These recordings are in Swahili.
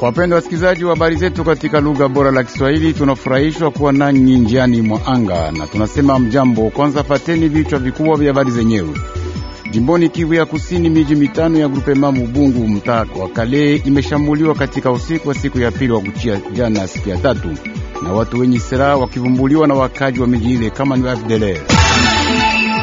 Wapendwa wasikilizaji wa habari zetu katika lugha bora la Kiswahili, tunafurahishwa kuwa nanyi njiani mwa anga na tunasema mjambo. Kwanza fateni vichwa vikubwa vya habari zenyewe. Jimboni Kivu ya Kusini, miji mitano ya mamu bungu mtaa wa Kale imeshambuliwa katika usiku wa siku ya pili wa kuchia jana, siku ya tatu, na watu wenye silaha wakivumbuliwa na wakaji wa miji ile kama ni FDLR.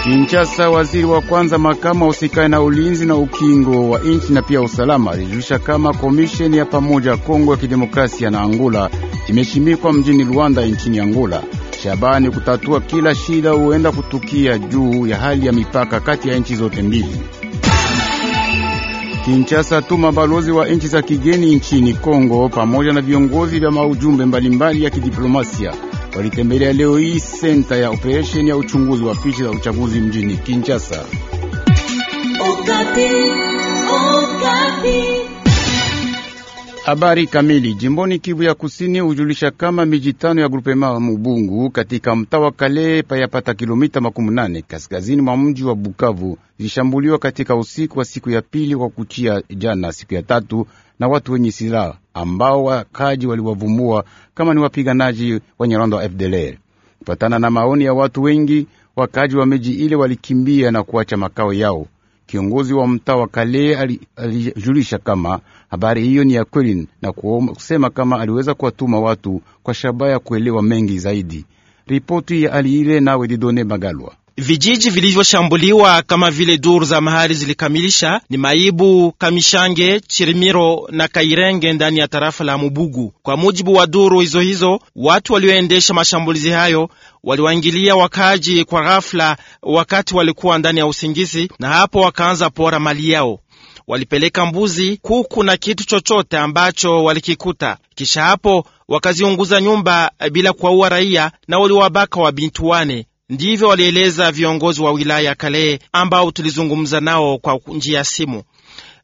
Kinshasa, waziri wa kwanza makama usikae na ulinzi na ukingo wa nchi na pia usalama alijulisha kama komisheni ya pamoja Kongo ya Kidemokrasia na Angola imeshimikwa mjini Luanda nchini Angola, shabani kutatua kila shida huenda kutukia juu ya hali ya mipaka kati ya nchi zote mbili. Kinshasa tuma balozi wa nchi za kigeni nchini Kongo pamoja na viongozi vya maujumbe mbalimbali ya kidiplomasia walitembelea leo hii senta ya operesheni ya uchunguzi wa picha za uchaguzi mjini Kinshasa. Okapi, Okapi. Habari kamili jimboni Kivu ya Kusini hujulisha kama miji tano ya grupema Mubungu katika mtaa wa Kale payapata kilomita makumi nane kaskazini mwa mji wa Bukavu zilishambuliwa katika usiku wa siku ya pili kwa kuchia jana siku ya tatu na watu wenye silaha ambao wakaji waliwavumbua kama ni wapiganaji wa Nyarwanda wa FDLR. Kufatana na maoni ya watu wengi, wakaji wa miji ile walikimbia na kuacha makao yao Kiongozi wa mtaa wa Kale alijulisha kama habari hiyo ni ya kweli na kusema kama aliweza kuwatuma watu kwa shabaha ya kuelewa mengi zaidi. Ripoti ya aliile ile nawe Didone Magalwa. Vijiji vilivyoshambuliwa kama vile duru za mahali zilikamilisha ni Maibu, Kamishange, Chirimiro na Kairenge ndani ya tarafa la Mubugu. Kwa mujibu wa duru hizo hizo, watu walioendesha mashambulizi hayo waliwaingilia wakaaji kwa ghafla wakati walikuwa ndani ya usingizi, na hapo wakaanza pora mali yao. Walipeleka mbuzi, kuku na kitu chochote ambacho walikikuta. Kisha hapo wakaziunguza nyumba bila kuwaua raia, na waliwabaka wa bintu wane Ndivyo walieleza viongozi wa wilaya ya Kale ambao tulizungumza nao kwa njia ya simu.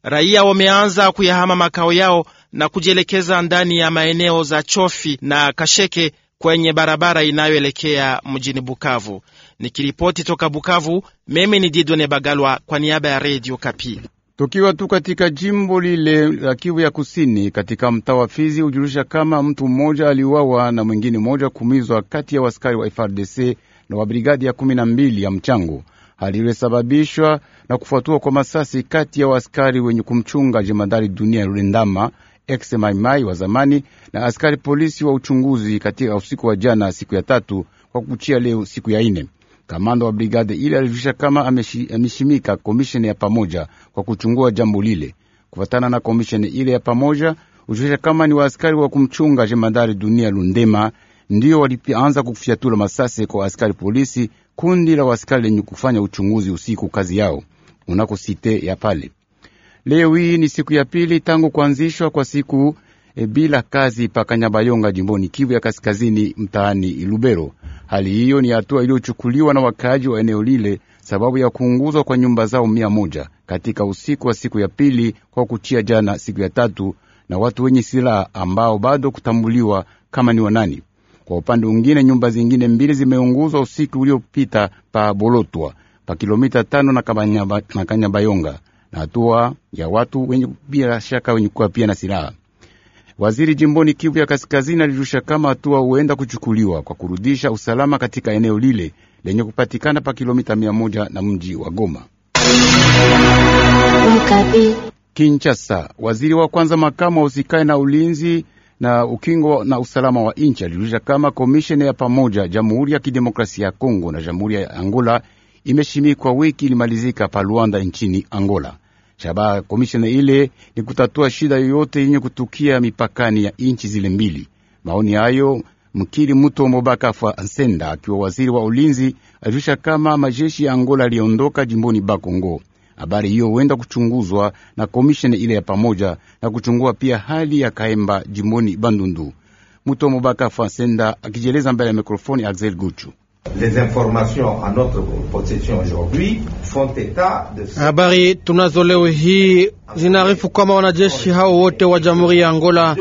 Raia wameanza kuyahama makao yao na kujielekeza ndani ya maeneo za Chofi na Kasheke kwenye barabara inayoelekea mjini Bukavu. Nikiripoti toka Bukavu, mimi ni Didone Bagalwa kwa niaba ya Redio Kapi. Tukiwa tu katika jimbo lile la Kivu ya Kusini, katika mtaa wa Fizi hujulisha kama mtu mmoja aliuawa na mwingine mmoja kuumizwa kati ya waskari wa FRDC na wa brigadi ya kumi na mbili ya mchango hali iliyosababishwa na kufuatua kwa masasi kati ya waskari wenye kumchunga jemadari Dunia Rwendama ex maimai wa zamani na askari polisi wa uchunguzi katika usiku wa jana siku ya tatu kwa kuchia leo siku ya ine. Kamanda wa brigade ile alivisha kama ameshimika komisheni ya pamoja kwa kuchungua jambo lile. Kufatana na komisheni ile ya pamoja, hujulisha kama ni waaskari wa kumchunga jemadari Dunia Lundema ndiyo walianza kufyatula masasi kwa askari polisi, kundi la wasikari lenye kufanya uchunguzi usiku kazi yao unako site ya pale. Leo hii ni siku ya pili tangu kuanzishwa kwa siku e, bila kazi pakanyabayonga jimboni Kivu ya kaskazini mtaani Ilubero. Hali hiyo ni hatua iliyochukuliwa na wakaaji wa eneo lile sababu ya kuunguzwa kwa nyumba zao mia moja katika usiku wa siku ya pili kwa kuchia jana siku ya tatu, na watu wenye silaha ambao bado kutambuliwa kama ni wanani. Kwa upande mwingine, nyumba zingine mbili zimeunguzwa usiku uliopita pa Bolotwa pa kilomita tano na Kanyabayonga na hatua ya watu wenye bila shaka wenye kuwa pia na silaha. Waziri jimboni Kivu ya Kaskazini alirusha kama hatua huenda kuchukuliwa kwa kurudisha usalama katika eneo lile lenye kupatikana pa kilomita mia moja na mji wa Goma. Kinchasa, waziri wa kwanza makamu wa usikae na ulinzi na ukingo na usalama wa nchi alijulisha kama komisheni ya pamoja Jamhuri ya Kidemokrasia ya Kongo na Jamhuri ya Angola imeshimikwa wiki ilimalizika pa Luanda nchini Angola. Shabaha komisheni ile ni kutatua shida yoyote yenye kutukia mipakani ya nchi zile mbili. Maoni hayo mkiri Mutombo Bakafa Nsenda akiwa waziri wa ulinzi alijulisha kama majeshi ya Angola aliondoka jimboni Bakongo. Habari hiyo huenda kuchunguzwa na komisheni ile ya pamoja na kuchungua pia hali ya Kaemba jimboni Bandundu. Muto Mubaka Fasenda akijieleza mbele ya mikrofoni Axel Guchu. Habari tunazo leo hii zinaarifu kwamba wanajeshi hao wote wa jamhuri ya Angola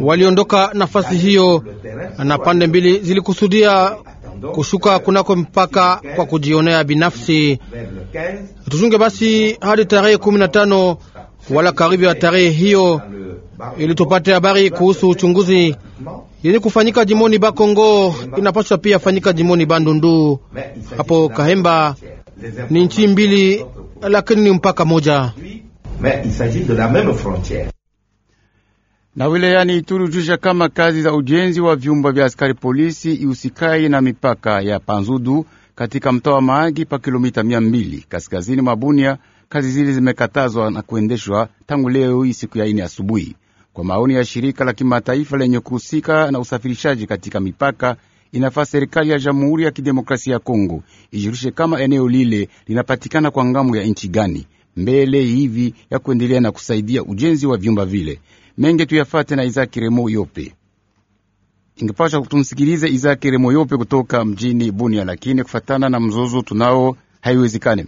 waliondoka nafasi hiyo, na pande mbili zilikusudia kushuka kunako mpaka kwa kujionea binafsi. tuzunge basi hadi tarehe kumi na tano wala karibu ya tarehe hiyo, ili tupate habari kuhusu uchunguzi yenye kufanyika jimoni Bakongo, inapaswa pia fanyika jimoni Bandundu hapo Kahemba. Ni nchi mbili lakini ni mpaka moja na wilayani Ituri hujusha kama kazi za ujenzi wa vyumba vya askari polisi iusikai na mipaka ya Panzudu katika mtaa wa Mahagi pa kilomita mia mbili kaskazini mwa Bunia. Kazi zile zimekatazwa na kuendeshwa tangu leo hii siku ya ine asubuhi, kwa maoni ya shirika la kimataifa lenye kuhusika na usafirishaji katika mipaka. Inafaa serikali ya Jamhuri ya Kidemokrasia ya Kongo ijirushe kama eneo lile linapatikana kwa ngamu ya nchi gani mbele hivi ya kuendelea na kusaidia ujenzi wa vyumba vile. Menge tuyafate na Izaki Remo Yope. Ingepasha tumsikilize Izaki Remo Yope kutoka mjini Bunia, lakini kufatana na mzozo tunao haiwezekani.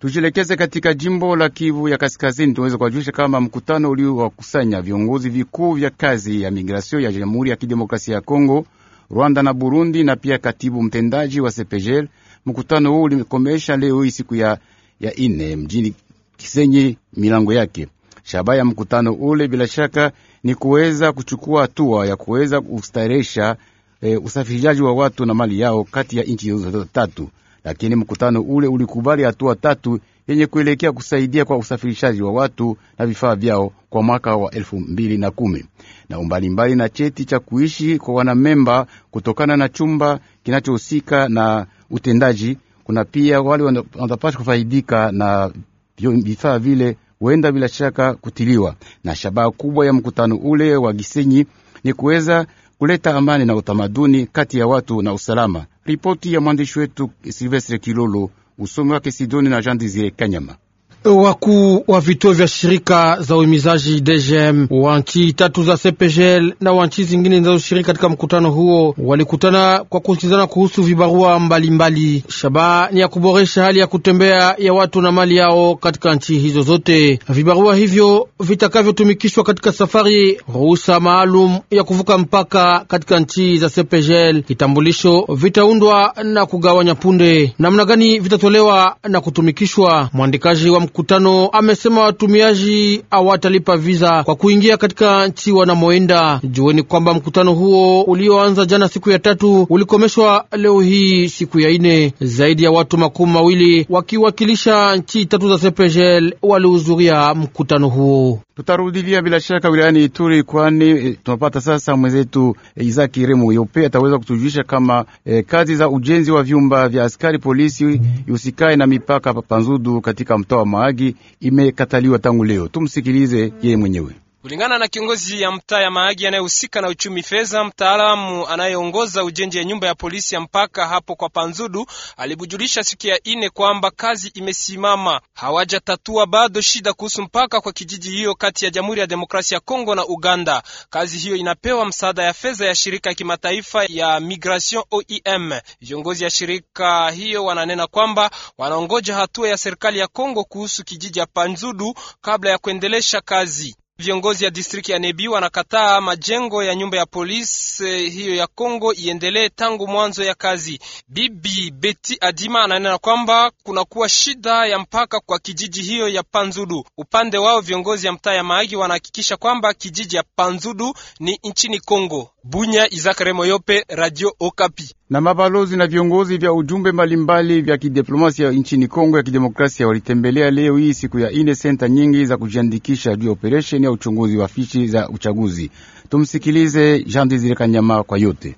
Tujielekeze katika jimbo la Kivu ya Kaskazini. Tunaweza kuwajulisha kama mkutano uliowakusanya viongozi vikuu vya kazi ya migrasio ya Jamhuri ya Kidemokrasia ya Kongo, Rwanda na Burundi, na pia katibu mtendaji wa CPGL. Mkutano huu ulikomesha leo hii siku ya, ya ine mjini Kisenyi milango yake. Shabaha ya mkutano ule bila shaka ni kuweza kuchukua hatua ya kuweza kustaresha e, eh, usafirishaji wa watu na mali yao kati ya nchi hizo tatu, lakini mkutano ule ulikubali hatua tatu yenye kuelekea kusaidia kwa usafirishaji wa watu na vifaa vyao kwa mwaka wa elfu mbili na kumi na umbalimbali na cheti cha kuishi kwa wanamemba kutokana na chumba kinachohusika na utendaji. Kuna pia wale wanapaswa kufaidika na vifaa vile huenda bila shaka kutiliwa, na shabaha kubwa ya mkutano ule wa Gisenyi ni kuweza kuleta amani na utamaduni kati ya watu na usalama. Ripoti ya mwandishi wetu Silvestre Kilolo, usomi wake Sidoni na Jean Desire Kanyama. Wakuu wa vituo vya shirika za uhimizaji DGM wa nchi tatu za CPGL na wa nchi zingine zinazoshiriki katika mkutano huo walikutana kwa kusikizana kuhusu vibarua mbalimbali. Shabaha ni ya kuboresha hali ya kutembea ya watu na mali yao katika nchi hizo zote. Vibarua hivyo vitakavyotumikishwa katika safari, ruhusa maalum ya kuvuka mpaka katika nchi za CPGL, kitambulisho, vitaundwa na kugawanya punde. Namna gani vitatolewa na kutumikishwa? Mwandikaji wa mkutano mkutano amesema watumiaji hawatalipa viza kwa kuingia katika nchi wanamoenda. Jueni kwamba mkutano huo ulioanza jana siku ya tatu ulikomeshwa leo hii siku ya ine. Zaidi ya watu makumi mawili wakiwakilisha nchi tatu za Sepejel walihudhuria mkutano huo. Tutarudilia bila shaka wilayani Ituri, kwani e, tunapata sasa mwenzetu e, eh, Izaki Remo Yope ataweza kutujulisha kama e, kazi za ujenzi wa vyumba vya askari polisi usikae na mipaka Panzudu katika mtaa wa Mahagi imekataliwa tangu leo. Tumsikilize yeye mwenyewe. Kulingana na kiongozi ya mtaa ya maagi anayehusika na uchumi fedha, mtaalamu anayeongoza ujenzi ya nyumba ya polisi ya mpaka hapo kwa Panzudu alibujulisha siku ya ine kwamba kazi imesimama, hawajatatua bado shida kuhusu mpaka kwa kijiji hiyo kati ya Jamhuri ya Demokrasia ya Kongo na Uganda. Kazi hiyo inapewa msaada ya fedha ya shirika ya kimataifa ya Migration OIM. Viongozi ya shirika hiyo wananena kwamba wanaongoja hatua ya serikali ya Kongo kuhusu kijiji ya Panzudu kabla ya kuendelesha kazi. Viongozi ya distriki ya Nebi wanakataa majengo ya nyumba ya polisi eh, hiyo ya Kongo iendelee tangu mwanzo ya kazi. Bibi Beti Adima ananena kwamba kunakuwa shida ya mpaka kwa kijiji hiyo ya Panzudu. Upande wao viongozi ya mtaa ya Maagi wanahakikisha kwamba kijiji ya Panzudu ni nchini Kongo. Bunya, Isaac Remoyope, Radio Okapi na mabalozi na viongozi vya ujumbe mbalimbali vya kidiplomasia nchini Kongo ya Kidemokrasia walitembelea leo hii siku ya ine senta nyingi za kujiandikisha juu ya operesheni ya uchunguzi wa fichi za uchaguzi. Tumsikilize Jean Desire Kanyama kwa yote.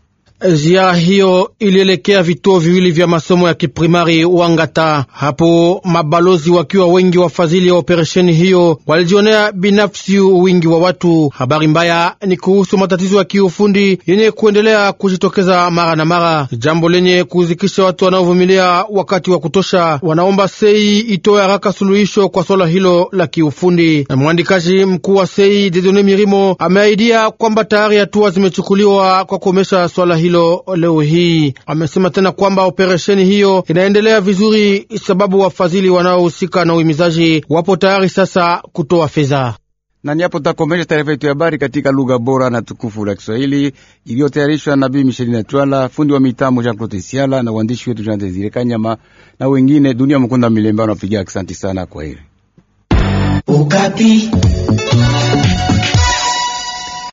Ziara hiyo ilielekea vituo viwili vya masomo ya kiprimari Wangata. Hapo mabalozi wakiwa wengi wafadhili ya operesheni hiyo walijionea binafsi wingi wa watu. Habari mbaya ni kuhusu matatizo ya kiufundi yenye kuendelea kujitokeza mara na mara, jambo lenye kuhuzikisha watu wanaovumilia wakati wa kutosha. Wanaomba sei itoe haraka suluhisho kwa swala hilo la kiufundi. Na mwandikaji mkuu wa sei Dedone Mirimo ameahidia kwamba tayari hatua zimechukuliwa kwa kuomesha swala hilo hilo leo hii. Amesema tena kwamba operesheni hiyo inaendelea vizuri, sababu wafadhili wanaohusika na uhimizaji wapo tayari sasa kutoa fedha na hapo takomesha taarifa yetu ya habari katika lugha bora na tukufu la Kiswahili iliyotayarishwa na Bibi na Twala, fundi wa mitambo Jean Claude Siala na uandishi wetu Jean Desire Kanyama na wengine. Dunia Mkunda Milemba wanapigia asanti sana. Kwa heri.